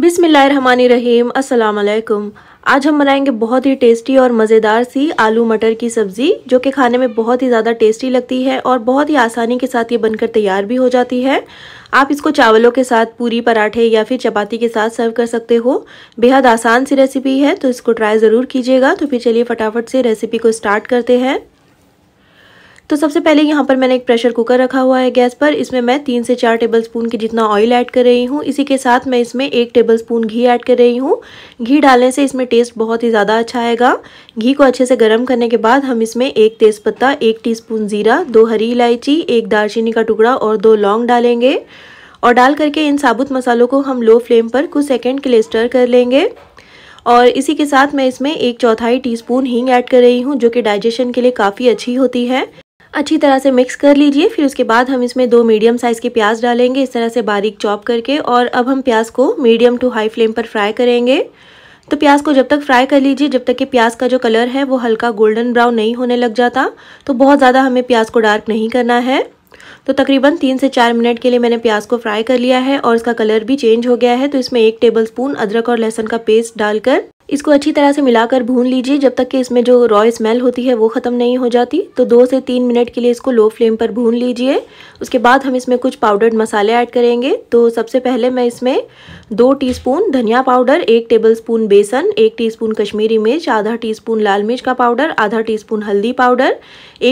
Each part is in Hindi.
बिसमीम असलकुम आज हम बनाएंगे बहुत ही टेस्टी और मज़ेदार सी आलू मटर की सब्ज़ी जो कि खाने में बहुत ही ज़्यादा टेस्टी लगती है और बहुत ही आसानी के साथ ये बनकर तैयार भी हो जाती है आप इसको चावलों के साथ पूरी पराठे या फिर चपाती के साथ सर्व कर सकते हो बेहद आसान सी रेसिपी है तो इसको ट्राई ज़रूर कीजिएगा तो फिर चलिए फटाफट से रेसिपी को स्टार्ट करते हैं तो सबसे पहले यहाँ पर मैंने एक प्रेशर कुकर रखा हुआ है गैस पर इसमें मैं तीन से चार टेबल स्पून की जितना ऑयल ऐड कर रही हूँ इसी के साथ मैं इसमें एक टेबल स्पून घी ऐड कर रही हूँ घी डालने से इसमें टेस्ट बहुत ही ज़्यादा अच्छा आएगा घी को अच्छे से गर्म करने के बाद हम इसमें एक तेज़पत्ता एक टी ज़ीरा दो हरी इलायची एक दालचीनी का टुकड़ा और दो लौंग डालेंगे और डाल करके इन साबुत मसालों को हम लो फ्लेम पर कुछ सेकेंड के लिए स्टर कर लेंगे और इसी के साथ मैं इसमें एक चौथाई टीस्पून हींग ऐड कर रही हूँ जो कि डाइजेशन के लिए काफ़ी अच्छी होती है अच्छी तरह से मिक्स कर लीजिए फिर उसके बाद हम इसमें दो मीडियम साइज़ के प्याज डालेंगे इस तरह से बारीक चॉप करके और अब हम प्याज को मीडियम टू हाई फ्लेम पर फ्राई करेंगे तो प्याज को जब तक फ्राई कर लीजिए जब तक कि प्याज का जो कलर है वो हल्का गोल्डन ब्राउन नहीं होने लग जाता तो बहुत ज़्यादा हमें प्याज को डार्क नहीं करना है तो तकरीबन तीन से चार मिनट के लिए मैंने प्याज को फ्राई कर लिया है और इसका कलर भी चेंज हो गया है तो इसमें एक टेबल स्पून अदरक और लहसुन का पेस्ट डालकर इसको अच्छी तरह से मिलाकर भून लीजिए जब तक कि इसमें जो रॉय स्मेल होती है वो ख़त्म नहीं हो जाती तो दो से तीन मिनट के लिए इसको लो फ्लेम पर भून लीजिए उसके बाद हम इसमें कुछ पाउडर्ड मसाले ऐड करेंगे तो सबसे पहले मैं इसमें दो टीस्पून धनिया पाउडर एक टेबलस्पून बेसन एक टीस्पून कश्मीरी मिर्च आधा टीस्पून लाल मिर्च का पाउडर आधा टीस्पून हल्दी पाउडर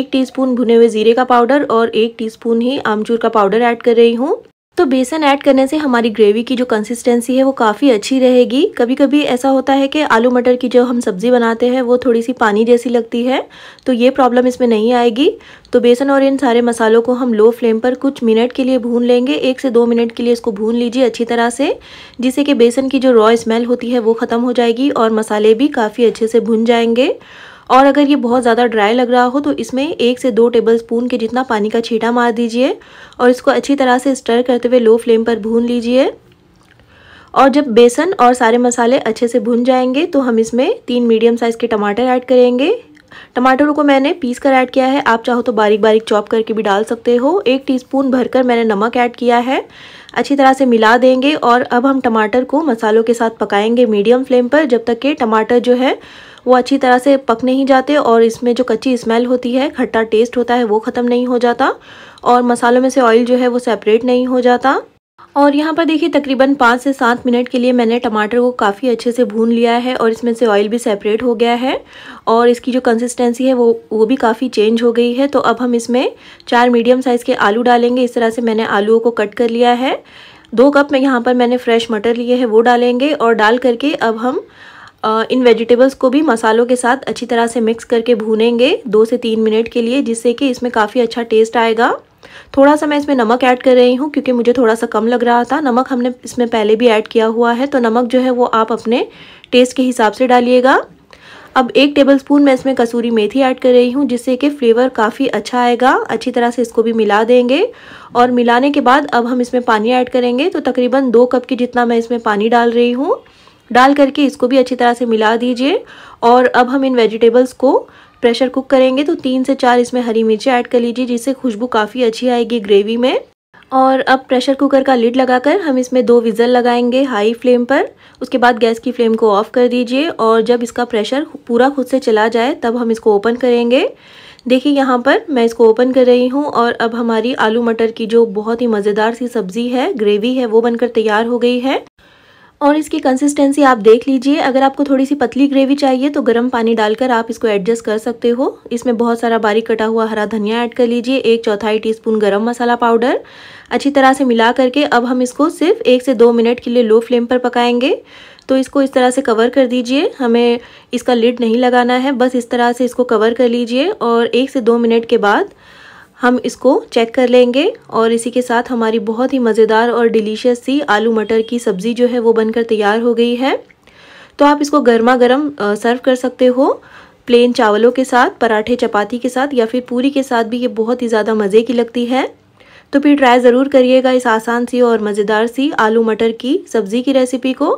एक टीस्पून भुने हुए जीरे का पाउडर और एक टीस्पून ही आमचूर का पाउडर ऐड कर रही हूँ तो बेसन ऐड करने से हमारी ग्रेवी की जो कंसिस्टेंसी है वो काफ़ी अच्छी रहेगी कभी कभी ऐसा होता है कि आलू मटर की जो हम सब्ज़ी बनाते हैं वो थोड़ी सी पानी जैसी लगती है तो ये प्रॉब्लम इसमें नहीं आएगी तो बेसन और इन सारे मसालों को हम लो फ्लेम पर कुछ मिनट के लिए भून लेंगे एक से दो मिनट के लिए इसको भून लीजिए अच्छी तरह से जिससे कि बेसन की जो रॉ स्मेल होती है वो ख़त्म हो जाएगी और मसाले भी काफ़ी अच्छे से भुन जाएंगे और अगर ये बहुत ज़्यादा ड्राई लग रहा हो तो इसमें एक से दो टेबल स्पून के जितना पानी का छीटा मार दीजिए और इसको अच्छी तरह से स्टर करते हुए लो फ्लेम पर भून लीजिए और जब बेसन और सारे मसाले अच्छे से भुन जाएंगे तो हम इसमें तीन मीडियम साइज़ के टमाटर ऐड करेंगे टमाटरों को मैंने पीस कर ऐड किया है आप चाहो तो बारीक बारीक चॉप करके भी डाल सकते हो एक टीस्पून भरकर मैंने नमक ऐड किया है अच्छी तरह से मिला देंगे और अब हम टमाटर को मसालों के साथ पकाएंगे मीडियम फ्लेम पर जब तक के टमाटर जो है वो अच्छी तरह से पक नहीं जाते और इसमें जो कच्ची स्मेल होती है खट्टा टेस्ट होता है वो ख़त्म नहीं हो जाता और मसालों में से ऑयल जो है वो सेपरेट नहीं हो जाता और यहाँ पर देखिए तकरीबन पाँच से सात मिनट के लिए मैंने टमाटर को काफ़ी अच्छे से भून लिया है और इसमें से ऑयल भी सेपरेट हो गया है और इसकी जो कंसिस्टेंसी है वो वो भी काफ़ी चेंज हो गई है तो अब हम इसमें चार मीडियम साइज़ के आलू डालेंगे इस तरह से मैंने आलूओं को कट कर लिया है दो कप में यहाँ पर मैंने फ्रेश मटर लिए है वो डालेंगे और डाल करके अब हम इन वेजिटेबल्स को भी मसालों के साथ अच्छी तरह से मिक्स करके भूनेंगे दो से तीन मिनट के लिए जिससे कि इसमें काफ़ी अच्छा टेस्ट आएगा थोड़ा सा मैं इसमें नमक ऐड कर रही हूँ क्योंकि मुझे थोड़ा सा कम लग रहा था नमक हमने इसमें पहले भी ऐड किया हुआ है तो नमक जो है वो आप अपने टेस्ट के हिसाब से डालिएगा अब एक टेबलस्पून मैं इसमें कसूरी मेथी ऐड कर रही हूँ जिससे कि फ्लेवर काफ़ी अच्छा आएगा अच्छी तरह से इसको भी मिला देंगे और मिलाने के बाद अब हम इसमें पानी ऐड करेंगे तो तकरीबन दो कप के जितना मैं इसमें पानी डाल रही हूँ डाल करके इसको भी अच्छी तरह से मिला दीजिए और अब हम इन वेजिटेबल्स को प्रेशर कुक करेंगे तो तीन से चार इसमें हरी मिर्ची ऐड कर लीजिए जिससे खुशबू काफ़ी अच्छी आएगी ग्रेवी में और अब प्रेशर कुकर का लिड लगाकर हम इसमें दो विज़ल लगाएंगे हाई फ्लेम पर उसके बाद गैस की फ्लेम को ऑफ़ कर दीजिए और जब इसका प्रेशर पूरा खुद से चला जाए तब हम इसको ओपन करेंगे देखिए यहाँ पर मैं इसको ओपन कर रही हूँ और अब हमारी आलू मटर की जो बहुत ही मज़ेदार सी सब्ज़ी है ग्रेवी है वो बनकर तैयार हो गई है और इसकी कंसिस्टेंसी आप देख लीजिए अगर आपको थोड़ी सी पतली ग्रेवी चाहिए तो गर्म पानी डालकर आप इसको एडजस्ट कर सकते हो इसमें बहुत सारा बारीक कटा हुआ हरा धनिया ऐड कर लीजिए एक चौथाई टीस्पून गरम मसाला पाउडर अच्छी तरह से मिला करके अब हम इसको सिर्फ एक से दो मिनट के लिए लो फ्लेम पर पकाएंगे तो इसको इस तरह से कवर कर दीजिए हमें इसका लिड नहीं लगाना है बस इस तरह से इसको कवर कर लीजिए और एक से दो मिनट के बाद हम इसको चेक कर लेंगे और इसी के साथ हमारी बहुत ही मज़ेदार और डिलीशियस सी आलू मटर की सब्ज़ी जो है वो बनकर तैयार हो गई है तो आप इसको गर्मा गर्म सर्व कर सकते हो प्लेन चावलों के साथ पराठे चपाती के साथ या फिर पूरी के साथ भी ये बहुत ही ज़्यादा मज़े की लगती है तो फिर ट्राई ज़रूर करिएगा इस आसान सी और मज़ेदार सी आलू मटर की सब्ज़ी की रेसिपी को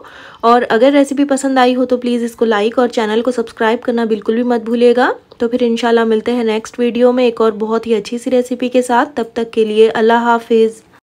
और अगर रेसिपी पसंद आई हो तो प्लीज़ इसको लाइक और चैनल को सब्सक्राइब करना बिल्कुल भी मत भूलिएगा तो फिर इंशाल्लाह मिलते हैं नेक्स्ट वीडियो में एक और बहुत ही अच्छी सी रेसिपी के साथ तब तक के लिए अल्लाह हाफिज़